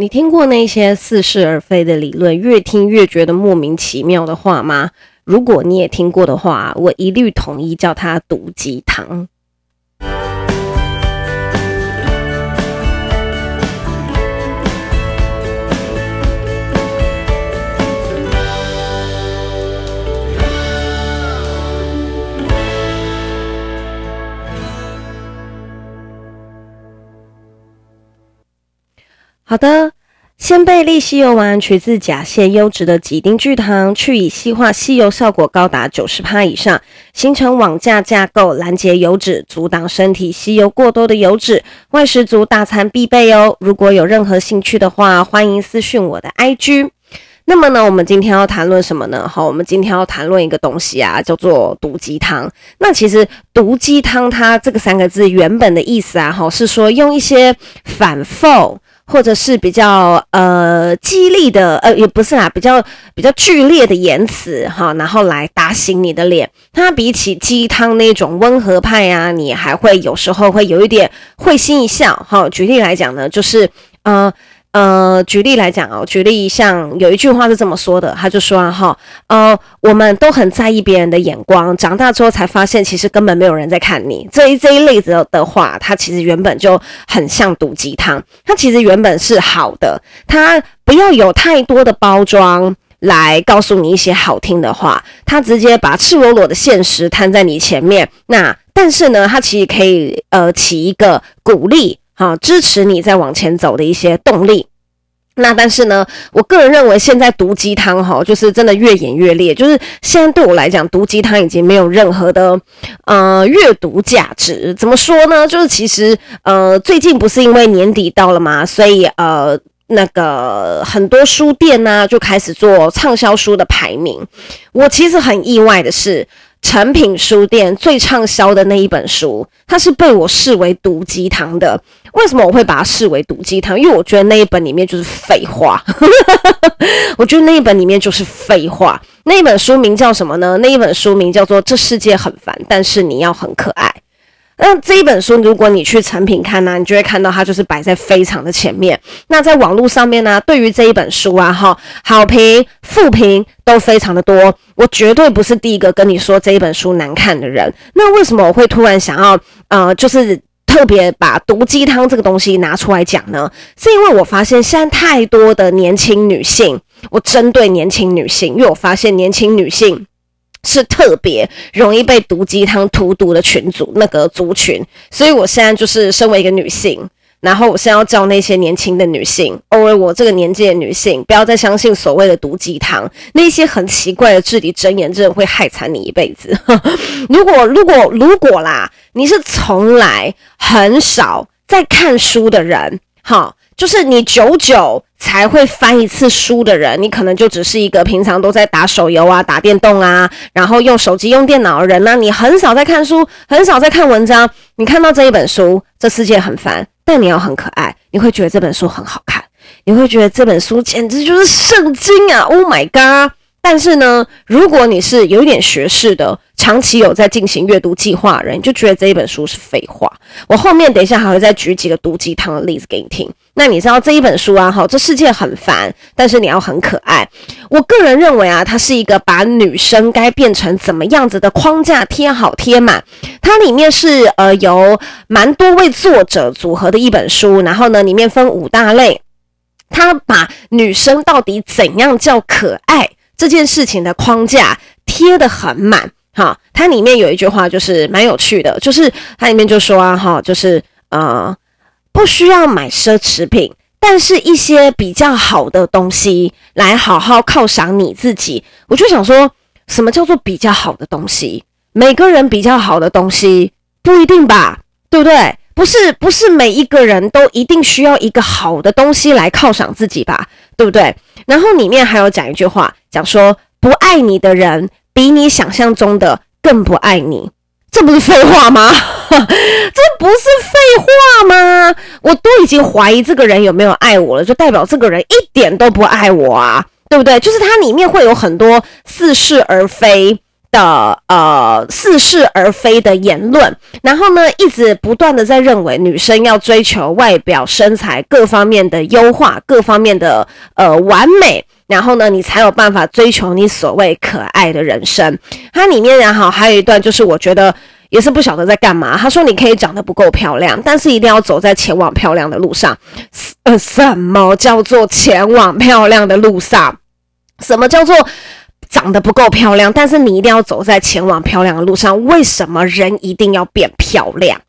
你聽過那些似是而非的理論，越聽越覺得莫名其妙的話嗎？如果你也聽過的話，我一律統一叫它毒雞湯。好的，仙貝利吸油丸取自甲瀉優質的幾丁聚糖，去乙醯化吸油效果高達九十趴以上，形成網架架構，攔截油脂，阻擋身體吸油過多的油脂，外食族大餐必備哦。如果有任何興趣的話，歡迎私訊我的 IG。那麼呢，我們今天要談論什麼呢？好，我們今天要談論一個東西啊，叫做毒雞湯。那其實毒雞湯它這個三個字原本的意思啊，好，是說用一些反覆。或者是比較呃激勵的呃也不是啦，比較比較劇烈的言辭哈，然後來打醒你的臉。它比起雞湯那種溫和派呀、啊，你還會有時候會有一點會心一笑哈。舉例來講呢，就是呃。呃，舉例來講哦，舉例像有一句話是這麼說的，他就說哈、啊，呃、哦，我們都很在意別人的眼光，長大之後才發現其實根本沒有人在看你。這一這一類子的話，它其實原本就很像毒雞湯，它其實原本是好的，它不要有太多的包裝來告訴你一些好聽的話，它直接把赤裸裸的現實攤在你前面。那但是呢，它其實可以呃起一個鼓勵。好、啊，支持你再往前走的一些動力。那但是呢，我個人認為現在毒雞湯哈，就是真的越演越烈。就是現在對我來講，毒雞湯已經沒有任何的呃閱讀價值。怎麼說呢？就是其實呃，最近不是因為年底到了嘛，所以呃，那個很多書店呢、啊、就開始做暢銷書的排名。我其實很意外的是。誠品書店最暢銷的那一本書，它是被我視為毒雞湯的。為什麼我會把它視為毒雞湯？因為我覺得那一本裡面就是廢話。 我覺得那一本裡面就是廢話。那一本書名叫什麼呢？那一本書名叫做《這世界很煩，但是你要很可愛》。那這一本書，如果你去成品看呢、啊，你就會看到它就是擺在非常的前面。那在網絡上面呢、啊，對於這一本書啊，哈，好評、負評都非常的多。我絕對不是第一個跟你說這一本書難看的人。那為什麼我會突然想要，呃，就是特別把毒雞湯這個東西拿出來講呢？是因為我發現現在太多的年輕女性，我針對年輕女性，因為我發現年輕女性。是特別容易被毒雞湯荼毒的群組，那個族群，所以我現在就是身為一個女性，然後我現在要叫那些年輕的女性，或我這個年紀的女性，不要再相信所謂的毒雞湯，那些很奇怪的至理名言，真的會害慘你一輩子 如，如果如果如果啦，你是從來很少在看書的人，哈。就是你久久才會翻一次書的人，你可能就只是一個平常都在打手遊啊、打電動啊，然後用手機、用電腦的人呢、啊。你很少在看書，很少在看文章。你看到這一本書，這世界很煩，但你要很可愛，你會覺得這本書很好看，你會覺得這本書簡直就是聖經啊！Oh my god！但是呢，如果你是有一點學識的，長期有在進行閱讀計劃的人，你就覺得這一本書是廢話。我後面等一下還會再舉幾個毒雞湯的例子給你聽。那你知道這一本書啊，好，這世界很煩，但是你要很可愛。我個人認為啊，它是一個把女生該變成怎麼樣子的框架貼好貼滿。它裡面是呃由蠻多位作者組合的一本書，然後呢，裡面分五大類，它把女生到底怎樣叫可愛？這件事情的框架貼得很滿，哈，它裡面有一句話就是蠻有趣的，就是它裡面就說啊，哈，就是呃，不需要買奢侈品，但是一些比較好的東西來好好犒賞你自己。我就想說，什麼叫做比較好的東西？每個人比較好的東西不一定吧，對不對？不是，不是每一個人都一定需要一個好的東西來犒賞自己吧？對不對？然後裡面還有講一句話，講說不愛你的人比你想象中的更不愛你。這不是廢話嗎？哈，這不是廢話嗎？我都已經懷疑這個人有沒有愛我了，就代表這個人一點都不愛我啊，對不對？就是它裡面會有很多似是而非。的呃，似是而非的言論，然後呢，一直不斷的在認為女生要追求外表、身材各方面的優化，各方面的呃完美，然後呢，你才有辦法追求你所謂可愛的人生。它裡面也好，還有一段，就是我覺得也是不曉得在幹嘛。他說你可以長得不夠漂亮，但是一定要走在前往漂亮的路上。呃，什麼叫做前往漂亮的路上？什麼叫做？長得不夠漂亮，但是你一定要走在前往漂亮的路上。為什麼人一定要變漂亮？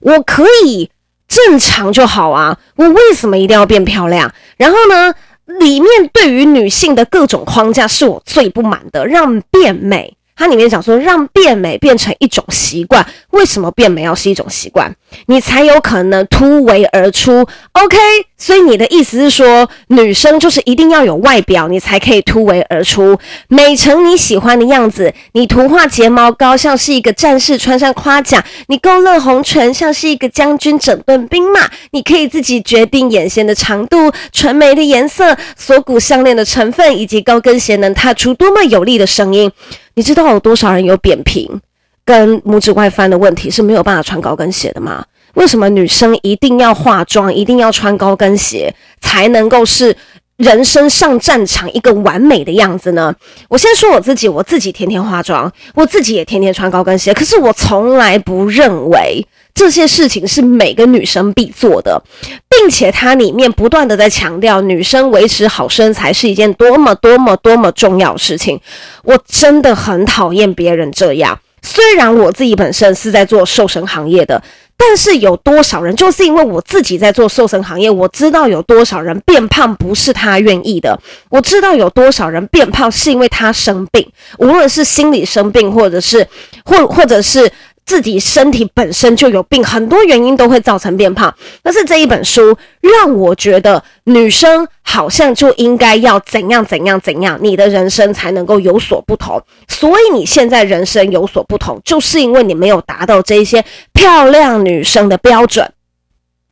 我可以正常就好啊，我為什麼一定要變漂亮？然後呢，裡面對於女性的各種框架是我最不滿的。讓變美，它裡面講說讓變美變成一種習慣。為什麼變美要是一種習慣？你才有可能突圍而出，OK？所以你的意思是說，女生就是一定要有外表，你才可以突圍而出，美成你喜歡的樣子。你塗畫睫毛膏，像是一個戰士穿上盔甲；你勾勒紅唇，像是一個將軍整頓兵馬。你可以自己決定眼線的長度、唇眉的顏色、鎖骨項鏈的成分，以及高跟鞋能踏出多麼有力的聲音。你知道有多少人有扁平跟拇指外翻的問題是沒有辦法穿高跟鞋的嗎？為什麼女生一定要化妝、一定要穿高跟鞋才能夠是人生上戰場一個完美的樣子呢？我先說我自己，我自己天天化妝，我自己也天天穿高跟鞋，可是我從來不認為這些事情是每個女生必做的，並且它裡面不斷的在強調女生維持好身材是一件多麼多麼多麼重要的事情。我真的很討厭別人這樣。雖然我自己本身是在做瘦身行業的，但是有多少人就是因為我自己在做瘦身行業，我知道有多少人變胖不是他願意的，我知道有多少人變胖是因為他生病，無論是心理生病或或，或者是或或者是。自己身體本身就有病，很多原因都會造成變胖。但是這一本書讓我覺得，女生好像就應該要怎樣怎樣怎樣，你的人生才能夠有所不同。所以你現在人生有所不同，就是因為你沒有達到這些漂亮女生的標準，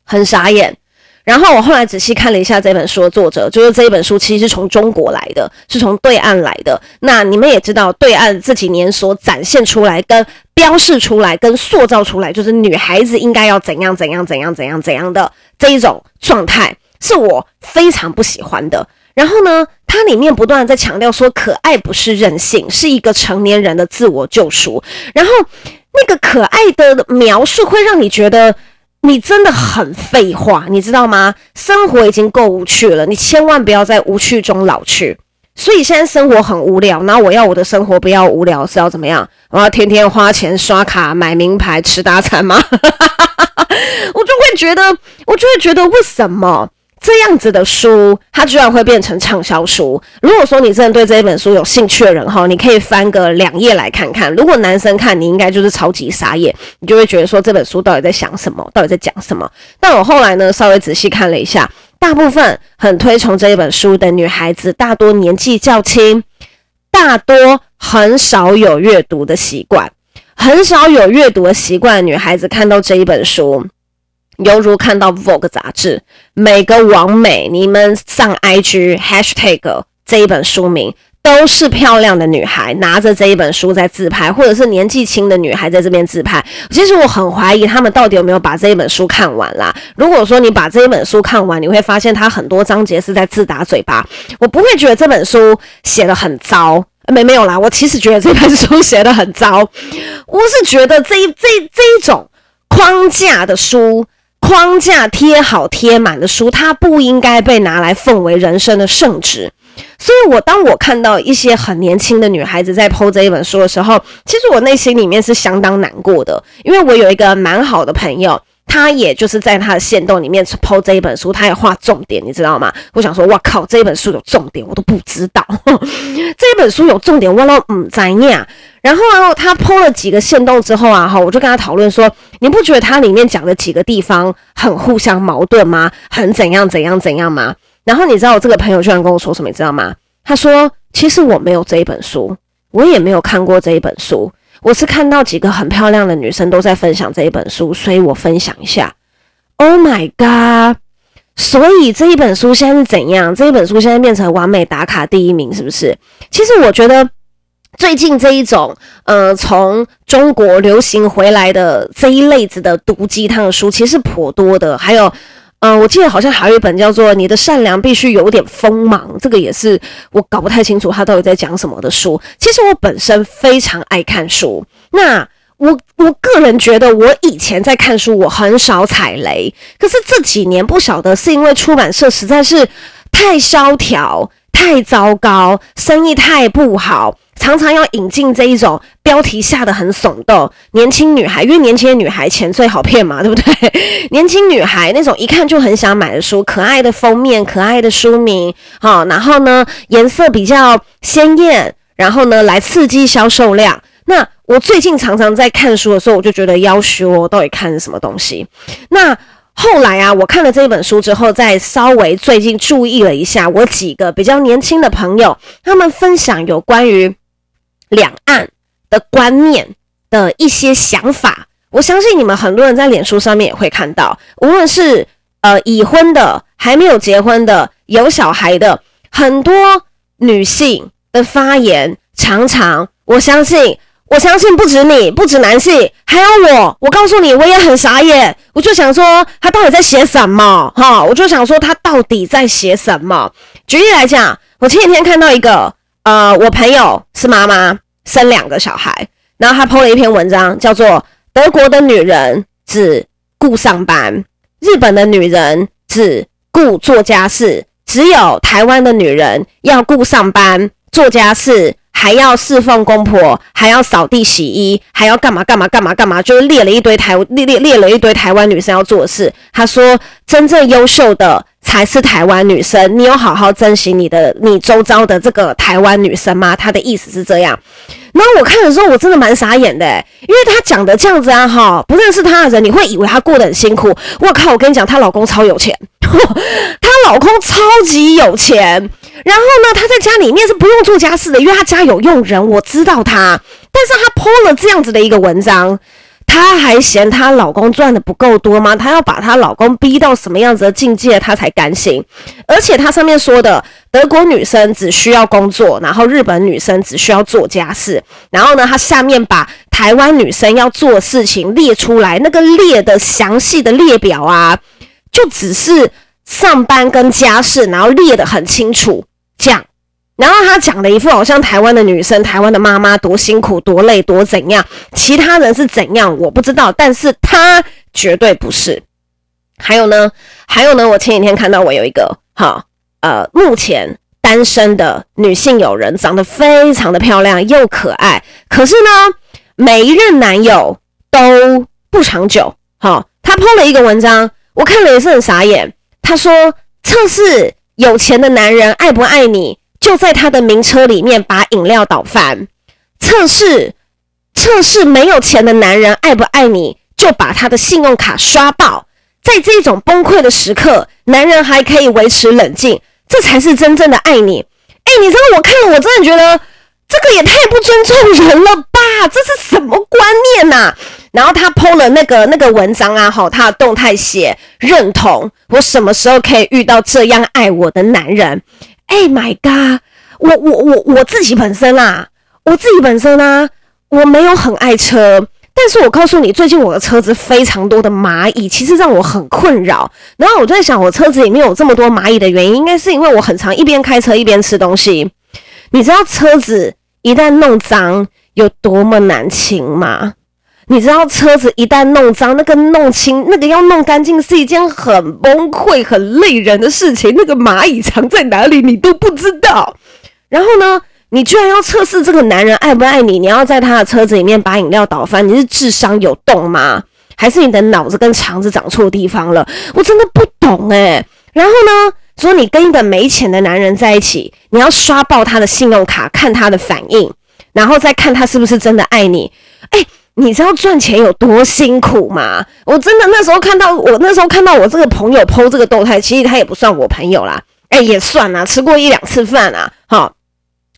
很傻眼。然後我後來仔細看了一下這本書的作者，就是這一本書其實是從中國來的，是從對岸來的。那你們也知道，對岸這幾年所展現出來、跟標示出來、跟塑造出來，就是女孩子應該要怎樣、怎樣、怎樣、怎樣怎樣的這一種狀態，是我非常不喜歡的。然後呢，它裡面不斷的在強調說，可愛不是任性，是一個成年人的自我救贖。然後那個可愛的描述，會讓你覺得。你真的很廢話，你知道嗎？生活已經夠無趣了，你千萬不要在無趣中老去。所以現在生活很無聊，那我要我的生活不要無聊是要怎麼樣？我要天天花錢刷卡買名牌吃大餐嗎？ 我就會覺得，我就會覺得，為什麼？這樣子的書，它居然會變成暢銷書。如果說你真的對這一本書有興趣的人哈，你可以翻個兩頁來看看。如果男生看，你應該就是超級傻眼，你就會覺得說，這本書到底在想什麼，到底在講什麼。但我後來呢，稍微仔細看了一下，大部分很推崇這一本書的女孩子，大多年紀較輕，大多很少有閱讀的習慣，很少有閱讀的習慣的女孩子看到這一本書。猶如看到 Vogue 雜誌，每個網美，你們上 IG，hashtag 這一本書名，都是漂亮的女孩拿着這一本書在自拍，或者是年紀輕的女孩在這邊自拍。其實我很懷疑他們到底有沒有把這一本書看完啦。如果說你把這一本書看完，你會發現它很多章節是在自打嘴巴。我不會覺得這本書寫得很糟，沒沒有啦，我其實覺得這本書寫得很糟。我是覺得這一這一這一種框架的書框架貼好貼滿的書，它不應該被拿來奉為人生的聖旨。所以我，我當我看到一些很年輕的女孩子在 po 這一本書的時候，其實我內心裡面是相當難過的，因為我有一個蠻好的朋友。他也就是在他的限動裡面 PO 這一本書，他也畫重點，你知道嗎？我想說，我靠，這一本書有重點，我都不知道。 這一本書有重點，我都不知啊。然後然、啊、後他 PO 了幾個限動之後啊，哈，我就跟他討論說，你不覺得他裡面講的幾個地方很互相矛盾嗎？很怎樣怎樣怎樣嗎？然後你知道我這個朋友居然跟我說什麼，你知道嗎？他說，其實我沒有這一本書，我也沒有看過這一本書。我是看到幾個很漂亮的女生都在分享這一本書，所以我分享一下。Oh my god！所以這一本書現在是怎樣？這一本書現在變成完美打卡第一名，是不是？其實我覺得最近這一種，呃，從中國流行回來的這一類子的毒雞湯的書，其實是頗多的，還有。嗯、呃，我記得好像還有一本叫做《你的善良必須有點鋒芒》，這個也是我搞不太清楚他到底在講什麼的書。其實我本身非常愛看書，那我我個人覺得我以前在看書，我很少踩雷。可是這幾年不曉得是因為出版社實在是太蕭條、太糟糕，生意太不好。常常要引進這一種標題下得很聳動，年輕女孩，因為年輕的女孩錢最好騙嘛，對不對？年輕女孩那種一看就很想買的書，可愛的封面，可愛的書名，哈、哦，然後呢顏色比較鮮艷，然後呢來刺激銷售量。那我最近常常在看書的時候，我就覺得夭壽喔，到底看什麼東西。那後來啊，我看了這本書之後，再稍微最近注意了一下，我幾個比較年輕的朋友，他們分享有關於。兩岸的觀念的一些想法，我相信你們很多人在臉書上面也會看到，無論是呃已婚的、還沒有結婚的、有小孩的，很多女性的發言，常常我相信，我相信不止你，不止男性，還有我，我告訴你，我也很傻眼，我就想說他到底在寫什麼？哈，我就想說他到底在寫什麼？舉例來講，我前幾天看到一個。呃，我朋友是媽媽，生兩個小孩，然後她 po 了一篇文章，叫做《德國的女人只顧上班，日本的女人只顧做家事，只有台灣的女人要顧上班、做家事，還要侍奉公婆，還要掃地洗衣，還要幹嘛幹嘛幹嘛幹嘛》，就列了一堆台列列列了一堆台灣女生要做的事。她說，真正優秀的。才是台灣女生，你有好好珍惜你的你周遭的這個台灣女生嗎？她的意思是這樣。然後我看的時候，我真的蠻傻眼的、欸，因為她講的這樣子啊，哈，不認識她的人，你會以為她過得很辛苦。我靠，我跟你講，她老公超有錢，她老公超級有錢。然後呢，她在家裡面是不用做家事的，因為她家有傭人。我知道她，但是她 PO 了這樣子的一個文章。她還嫌她老公賺的不夠多嗎？她要把她老公逼到什麼樣子的境界，她才甘心？而且她上面說的德國女生只需要工作，然後日本女生只需要做家事，然後呢，她下面把台灣女生要做的事情列出來，那個列的詳細的列表啊，就只是上班跟家事，然後列得很清楚，這樣。然後他講了一副好像台灣的女生，台灣的媽媽多辛苦多累多怎樣，其他人是怎樣我不知道，但是他絕對不是。還有呢，還有呢，我前幾天看到我有一個哈、哦、呃目前單身的女性友人，長得非常的漂亮又可愛，可是呢每一任男友都不長久。好、哦，她 PO 了一個文章，我看了也是很傻眼。她說測試有錢的男人愛不愛你。就在他的名車裡面，把飲料倒翻，測試測試沒有錢的男人愛不愛你，就把他的信用卡刷爆。在這種崩潰的時刻，男人還可以維持冷靜，這才是真正的愛你。誒，你知道我看了，我真的覺得這個也太不尊重人了吧？這是什麼觀念啊？然後他 Po 了那個那個文章啊，吼，他的動態寫認同，我什麼時候可以遇到這樣愛我的男人？哎、hey，My God！我我我我自己本身啊，我自己本身啊，我沒有很愛車，但是我告訴你，最近我的車子非常多的螞蟻，其實讓我很困擾。然後我就在想，我車子裡面有這麼多螞蟻的原因，應該是因為我很常一邊開車一邊吃東西。你知道車子一旦弄髒有多麼難清嗎？你知道車子一旦弄髒，那個弄清、那個要弄乾淨是一件很崩潰、很累人的事情。那個螞蟻藏在哪裡你都不知道。然後呢，你居然要測試這個男人愛不愛你？你要在他的車子裡面把飲料倒翻？你是智商有洞嗎？還是你的腦子跟腸子長錯地方了？我真的不懂，哎、欸。然後呢，說你跟一個沒錢的男人在一起，你要刷爆他的信用卡，看他的反應，然後再看他是不是真的愛你？哎、欸。你知道賺錢有多辛苦嗎？我真的那時候看到，我那時候看到我這個朋友 po 這個動態，其實他也不算我朋友啦，誒、欸、也算啦，吃過一兩次飯啦。哈，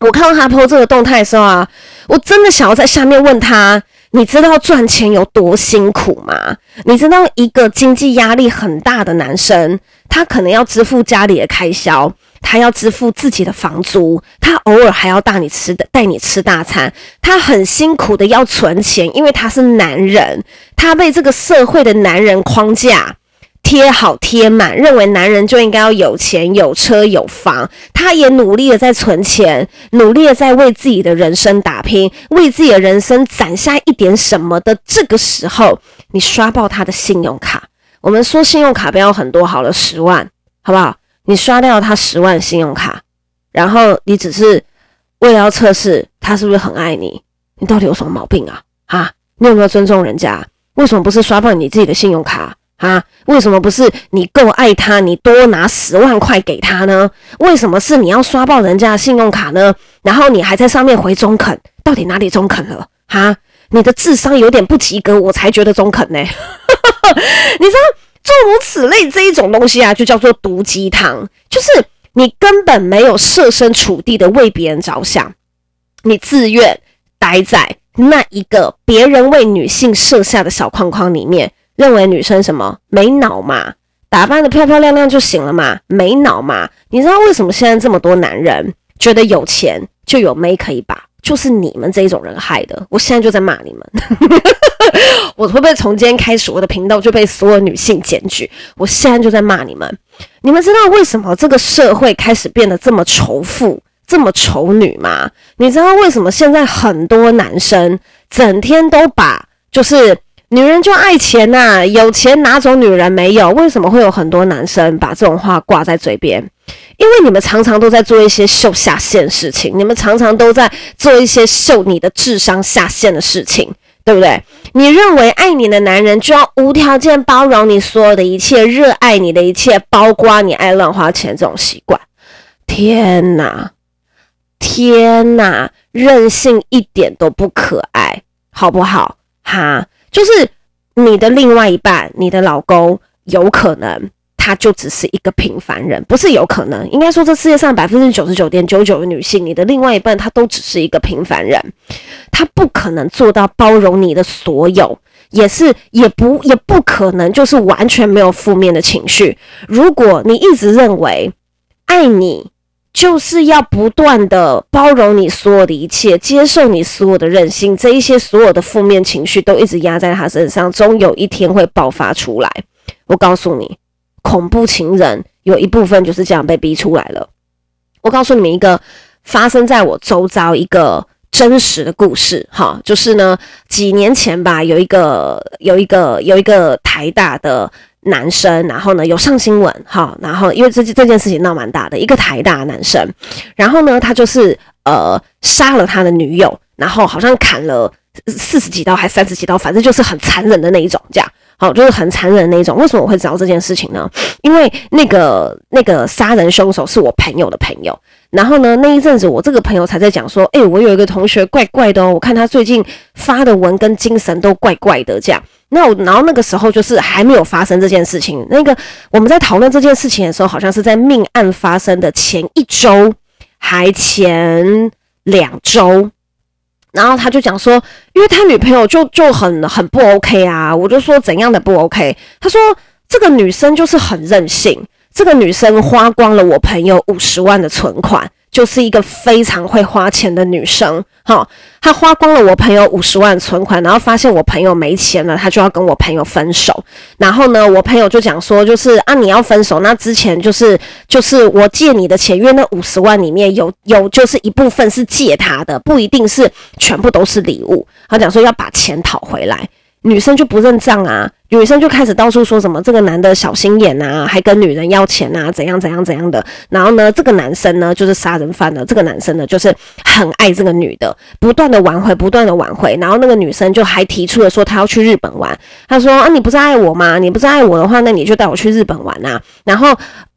我看到他 po 這個動態的時候啊，我真的想要在下面問他：你知道賺錢有多辛苦嗎？你知道一個經濟壓力很大的男生，他可能要支付家裡的開銷。他要支付自己的房租，他偶爾還要帶你吃的帶你吃大餐，他很辛苦的要存錢，因為他是男人，他被這個社會的男人框架貼好貼滿，認為男人就應該要有錢有車有房，他也努力的在存錢，努力的在為自己的人生打拼，為自己的人生攢下一點什麼的。這個時候，你刷爆他的信用卡，我們說信用卡不要很多好了，十萬，好不好？你刷掉他十萬信用卡，然後你只是為了要測試他是不是很愛你？你到底有什麼毛病啊？啊，你有沒有尊重人家？為什麼不是刷爆你自己的信用卡啊？為什麼不是你夠愛他，你多拿十萬塊給他呢？為什麼是你要刷爆人家的信用卡呢？然後你還在上面回中肯，到底哪裡中肯了？哈，你的智商有點不及格，我才覺得中肯呢、欸。 你說。諸如此類，這一種東西啊，就叫做毒雞湯，就是你根本沒有設身處地的為別人着想，你自願待在那一個別人為女性設下的小框框裡面，認為女生什麼沒腦嘛，打扮得漂漂亮亮就行了嘛，沒腦嘛？你知道為什麼現在這麼多男人覺得有錢就有妹可以把？就是你們這一種人害的，我現在就在罵你們。 我會不會從今天開始，我的頻道就被所有女性檢舉？我現在就在罵你們。你們知道為什麼這個社會開始變得這麼仇富、這麼仇女嗎？你知道為什麼現在很多男生整天都把就是？女人就愛錢吶、啊，有錢哪種女人沒有？為什麼會有很多男生把這種話掛在嘴邊？因為你們常常都在做一些秀下限的事情，你們常常都在做一些秀你的智商下限的事情，對不對？你認為愛你的男人就要無條件包容你所有的一切，熱愛你的一切，包括你愛亂花錢這種習慣。天哪，天哪，任性一點都不可愛，好不好？哈。就是你的另外一半，你的老公有可能，他就只是一個平凡人，不是有可能，應該說這世界上百分之九十九點九九的女性，你的另外一半他都只是一個平凡人，他不可能做到包容你的所有，也是也不也不可能就是完全沒有負面的情緒。如果你一直認為愛你。就是要不斷的包容你所有的一切，接受你所有的任性，這一些所有的負面情緒都一直壓在他身上，終有一天會爆發出來。我告訴你，恐怖情人有一部分就是這樣被逼出來了。我告訴你們一個發生在我周遭一個真實的故事，哈，就是呢，幾年前吧，有一個有一個有一個台大的。男生，然後呢，有上新聞，哈，然後因為這這件事情鬧蠻大的，一個台大男生，然後呢他就是呃殺了他的女友，然後好像砍了四十幾刀還三十幾刀，反正就是很殘忍的那一種，這樣，好，就是很殘忍的那一種。為什麼我會知道這件事情呢？因為那個那個殺人兇手是我朋友的朋友，然後呢那一陣子我這個朋友才在講說，哎，欸，我有一個同學怪怪的哦，我看他最近發的文跟精神都怪怪的這樣。那我，然後那個時候就是還沒有發生這件事情，那個我們在討論這件事情的時候，好像是在命案發生的前一周，還前兩周，然後他就講說，因為他女朋友就就很很不 OK 啊，我就說怎樣的不 OK，他說這個女生就是很任性，這個女生花光了我朋友五十萬的存款。就是一個非常會花錢的女生，齁，她花光了我朋友五十萬存款，然後發現我朋友沒錢了，她就要跟我朋友分手。然後呢，我朋友就講說，就是啊，你要分手，那之前就是就是我借你的錢，因為那五十萬裡面有有就是一部分是借他的，不一定是全部都是禮物。他講說要把錢討回來。女生就不認賬啊！女生就開始到處說什麼這個男的小心眼啊，還跟女人要錢啊，怎樣怎樣怎樣的。然後呢，這個男生呢就是殺人犯了。這個男生呢就是很愛這個女的，不斷的挽回，不斷的挽回。然後那個女生就還提出了說她要去日本玩。她說啊，你不是愛我嗎？你不是愛我的話，那你就帶我去日本玩啊。然後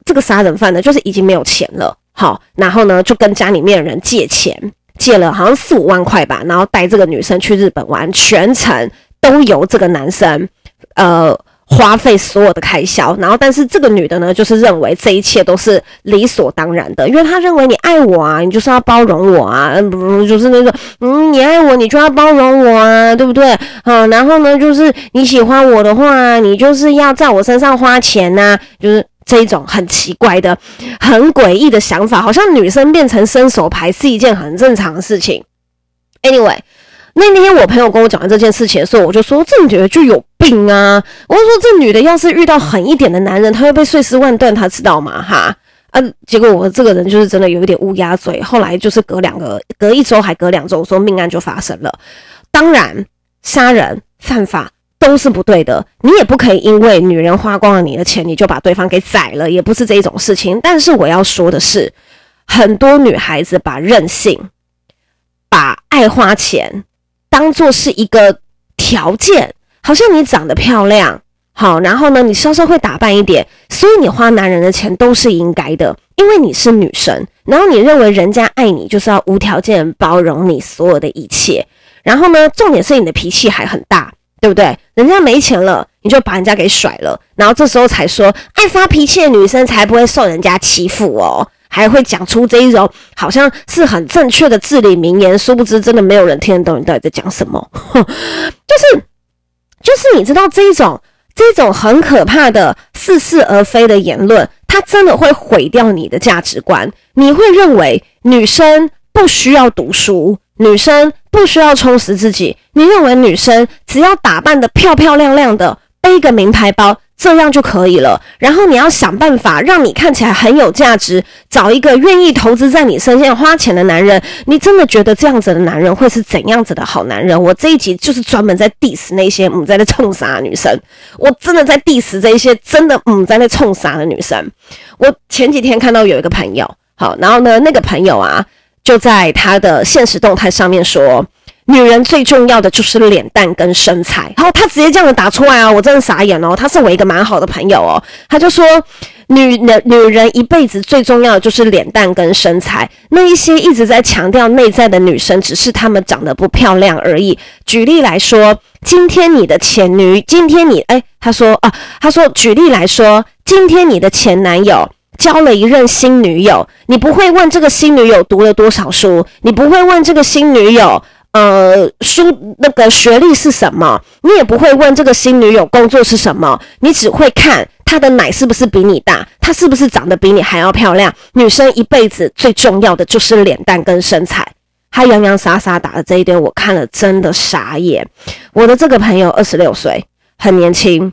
這個殺人犯呢就是已經沒有錢了，好，然後呢就跟家裡面的人借錢，借了好像四五萬塊吧，然後帶這個女生去日本玩，全程。都由這個男生，呃，花費所有的開銷，然後但是這個女的呢，就是認為這一切都是理所當然的，因為她認為你愛我啊，你就是要包容我啊，不就是那種，嗯，你愛我，你就要包容我啊，對不對？嗯，然後呢，就是你喜歡我的話，你就是要在我身上花錢吶啊，就是這一種很奇怪的、很詭異的想法，好像女生變成伸手牌是一件很正常的事情。Anyway。那那天我朋友跟我講完這件事情的時候，我就說這女的就有病啊！我就說這女的要是遇到狠一點的男人，她會被碎屍萬段，她知道嗎？哈，嗯、啊。結果我這個人就是真的有一點烏鴉嘴。後來就是隔兩個，隔一周還隔兩周，說命案就發生了。當然，殺人犯法都是不對的，你也不可以因為女人花光了你的錢，你就把對方給宰了，也不是這一種事情。但是我要說的是，很多女孩子把任性，把愛花錢。當作是一個條件，好像你長得漂亮，好，然後呢，你稍稍會打扮一點，所以你花男人的錢都是應該的，因為你是女生，然後你認為人家愛你就是要無條件包容你所有的一切，然後呢，重點是你的脾氣還很大，對不對？人家沒錢了，你就把人家給甩了，然後這時候才說，愛發脾氣的女生才不會受人家欺負哦。還會講出這一種好像是很正確的至理名言，殊不知真的沒有人聽得懂你到底在講什麼。就是就是，就是、你知道這一種這一種很可怕的似是而非的言論，它真的會毀掉你的價值觀。你會認為女生不需要讀書，女生不需要充實自己。你認為女生只要打扮得漂漂亮亮的，背個名牌包。這樣就可以了。然後你要想辦法讓你看起來很有價值，找一個願意投資在你身上花錢的男人。你真的覺得這樣子的男人會是怎樣子的好男人？我這一集就是專門在 diss 那些母在那沖傻的女生，我真的在 diss 這一些真的母在那沖傻的女生。我前幾天看到有一個朋友，好，然後呢，那個朋友啊就在他的現實動態上面說。女人最重要的就是臉蛋跟身材，然後他直接這樣子打出來啊，我真的傻眼哦。他是我一個蠻好的朋友哦，他就說，女女女人一輩子最重要的就是臉蛋跟身材，那一些一直在強調內在的女生，只是她們長得不漂亮而已。舉例來說，今天你的前女，今天你，哎、欸，他說啊，他說舉例來說，今天你的前男友交了一任新女友，你不會問這個新女友讀了多少書，你不會問這個新女友。呃，書那個學歷是什麼？你也不會問這個新女友工作是什麼，你只會看她的奶是不是比你大，她是不是長得比你還要漂亮。女生一輩子最重要的就是臉蛋跟身材。她洋洋灑灑打的這一堆，我看了真的傻眼。我的這個朋友二十六歲，很年輕。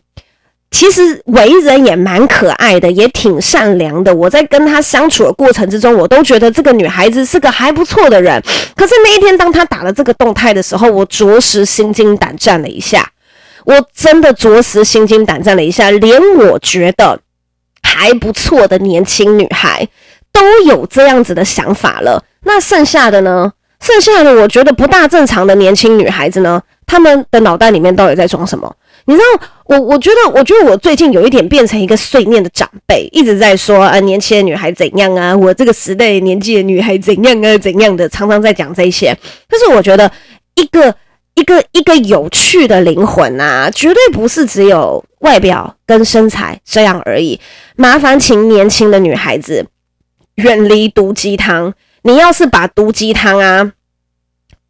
其實為人也蠻可愛的，也挺善良的。我在跟他相處的過程之中，我都覺得這個女孩子是個還不錯的人。可是那一天，當他打了這個動態的時候，我着實心驚膽戰了一下。我真的着實心驚膽戰了一下，連我覺得還不錯的年輕女孩都有這樣子的想法了。那剩下的呢？剩下的我覺得不大正常的年輕女孩子呢，她們的腦袋裡面到底在裝什麼？你知道我，我覺得，我覺得我最近有一點變成一個碎念的長輩，一直在說呃年輕的女孩怎樣啊，我這個時代年紀的女孩怎樣啊，怎樣的，常常在講這些。但是我覺得一，一個一個一個有趣的靈魂啊，絕對不是只有外表跟身材這樣而已。麻煩請年輕的女孩子遠離毒雞湯。你要是把毒雞湯啊，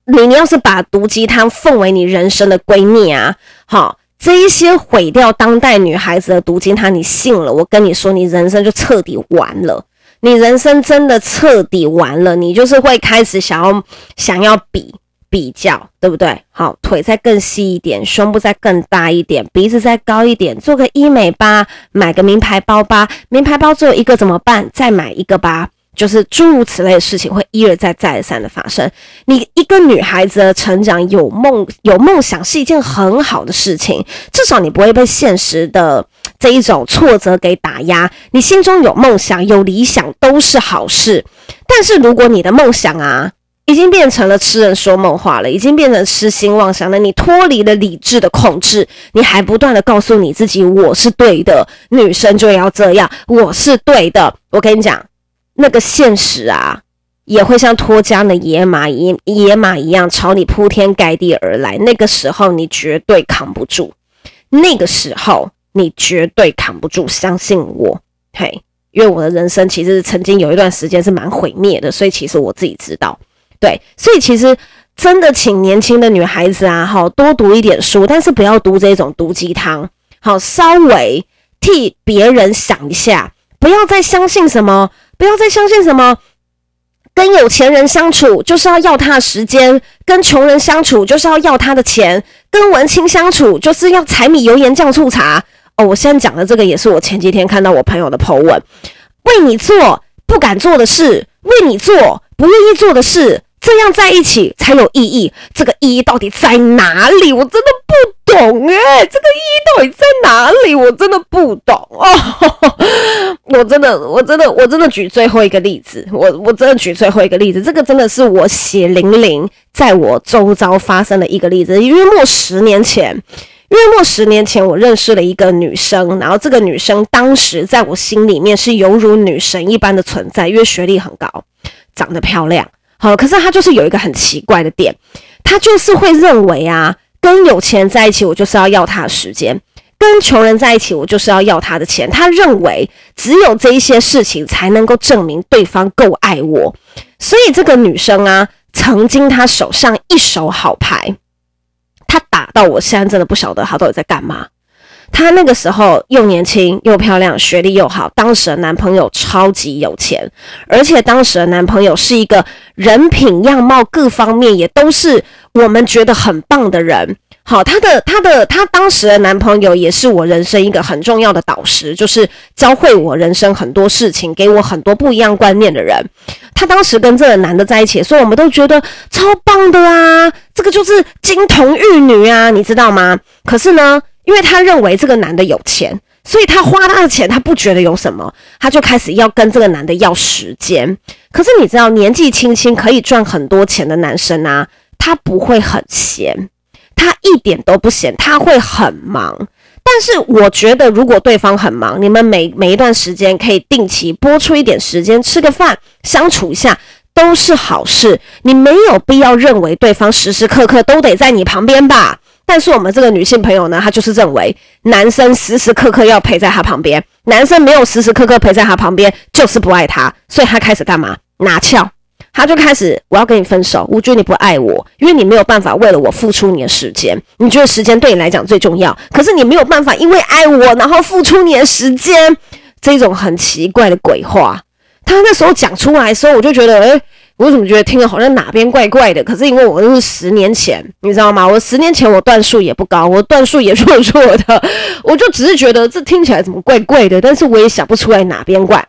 你你要是把毒雞湯奉為你人生的圭臬啊，齁。這一些毀掉當代女孩子的毒雞湯，你信了？我跟你說，你人生就徹底完了。你人生真的徹底完了，你就是會開始想要想要比比較，對不對？好，腿再更細一點，胸部再更大一點，鼻子再高一點，做個醫美吧，買個名牌包吧。名牌包只有一個怎麼辦？再買一個吧。就是諸如此類的事情會一而再、再而三的發生。你一個女孩子的成長有夢、有夢想是一件很好的事情，至少你不會被現實的這一種挫折給打壓。你心中有夢想、有理想都是好事。但是如果你的夢想啊，已經變成了痴人說夢話了，已經變成痴心妄想了，你脫離了理智的控制，你還不斷的告訴你自己：“我是對的，女生就要這樣，我是對的。”我跟你講。那個現實啊，也會像脫韁的野馬一野，野馬一樣朝你鋪天蓋地而來。那個時候你絕對扛不住，那個時候你絕對扛不住。相信我，嘿，因為我的人生其實曾經有一段時間是蠻毀滅的，所以其實我自己知道。對，所以其實真的，請年輕的女孩子啊，哈，多讀一點書，但是不要讀這種毒雞湯。好，稍微替別人想一下，不要再相信什麼。不要再相信什麼，跟有錢人相處就是要要他的時間，跟窮人相處就是要要他的錢，跟文青相處就是要柴米油鹽醬醋醋茶。哦，我現在講的這個也是我前幾天看到我朋友的 PO 文，為你做不敢做的事，為你做不願意做的事。這樣在一起才有意義，這個意義到底在哪裡？我真的不懂哎、欸，這個意義到底在哪裡？我真的不懂哦呵呵我，我真的，我真的，我真的舉最後一個例子，我我真的舉最後一個例子，這個真的是我血淋淋在我周遭發生的一個例子。約莫十年前，約莫十年前，我認識了一個女生，然後這個女生當時在我心裡面是猶如女神一般的存在，因為學歷很高，長得漂亮。好，可是他就是有一個很奇怪的點，他就是會認為啊，跟有錢人在一起，我就是要要他的時間；跟窮人在一起，我就是要要他的錢。他認為只有這一些事情才能夠證明對方夠愛我，所以這個女生啊，曾經她手上一手好牌，她打到我現在真的不曉得她到底在幹嘛。她那個時候又年輕又漂亮，學歷又好，當時的男朋友超級有錢，而且當時的男朋友是一個人品樣貌各方面也都是我們覺得很棒的人。好，她的她的她當時的男朋友也是我人生一個很重要的導師，就是教會我人生很多事情，給我很多不一樣觀念的人。她當時跟這個男的在一起，所以我們都覺得超棒的啊，這個就是金童玉女啊，你知道嗎？可是呢。因為她認為這個男的有錢，所以他花他的錢，他不覺得有什麼，他就開始要跟這個男的要時間。可是你知道，年紀輕輕可以賺很多錢的男生啊，他不會很閒，他一點都不閒，他會很忙。但是我覺得，如果對方很忙，你們每每一段時間可以定期撥出一點時間吃個飯，相處一下，都是好事。你沒有必要認為對方時時刻刻都得在你旁邊吧。但是我們這個女性朋友呢，她就是認為男生時時刻刻要陪在她旁邊，男生沒有時時刻刻陪在她旁邊就是不愛她，所以她開始幹嘛？拿翹，她就開始我要跟你分手，我覺得你不愛我，因為你沒有辦法為了我付出你的時間，你覺得時間對你來講最重要，可是你沒有辦法因為愛我然後付出你的時間，這種很奇怪的鬼話，她那時候講出來的時候，我就覺得哎。誒我怎麼覺得聽着好像哪邊怪怪的？可是因為我都是十年前，你知道嗎？我十年前我段數也不高，我段數也弱弱的，我就只是覺得這聽起來怎麼怪怪的，但是我也想不出來哪邊怪。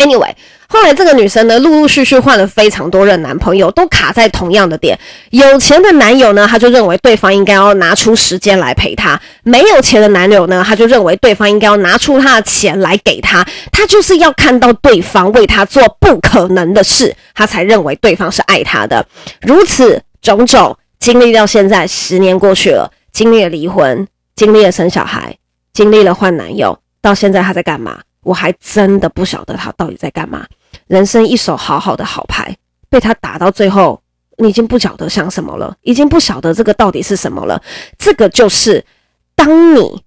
Anyway，後來這個女生呢，陸陸續續換了非常多任男朋友，都卡在同樣的點。有錢的男友呢，他就認為對方應該要拿出時間來陪他；沒有錢的男友呢，他就認為對方應該要拿出他的錢來給他。他就是要看到對方為他做不可能的事，他才認為對方是愛他的。如此種種經歷到現在，十年過去了，經歷了離婚，經歷了生小孩，經歷了換男友，到現在她在幹嘛？我還真的不曉得他到底在幹嘛。人生一手好好的好牌，被他打到最後，你已經不曉得像什麼了，已經不曉得這個到底是什麼了。這個就是當你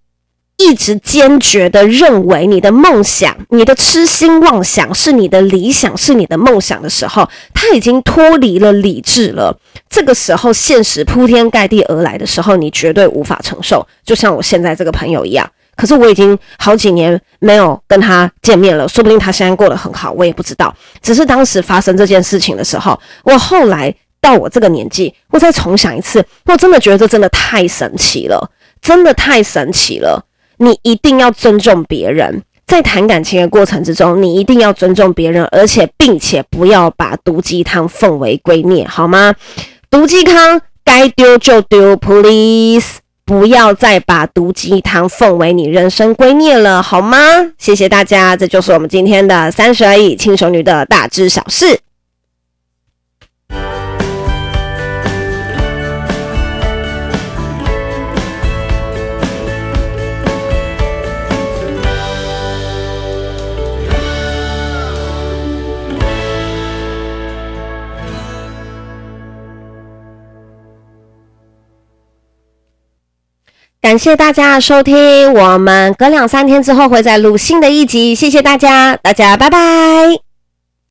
一直堅決的認為你的夢想、你的癡心妄想是你的理想、是你的夢想的時候，他已經脫離了理智了。這個時候，現實鋪天蓋地而來的時候，你絕對無法承受。就像我現在這個朋友一樣。可是我已經好幾年沒有跟他見面了，說不定他現在過得很好，我也不知道。只是當時發生這件事情的時候，我後來到我這個年紀，我再重想一次，我真的覺得這真的太神奇了，真的太神奇了。你一定要尊重別人，在談感情的過程之中，你一定要尊重別人，而且並且不要把毒雞湯奉為圭臬，好嗎？毒雞湯該丟就丟，please。不要再把毒雞湯奉為你人生圭臬了，好嗎？謝謝大家，這就是我們今天的三十而已，輕熟女的大知小事。感謝大家收聽，我們隔兩三天之後會再錄新的一集，謝謝大家，大家拜拜。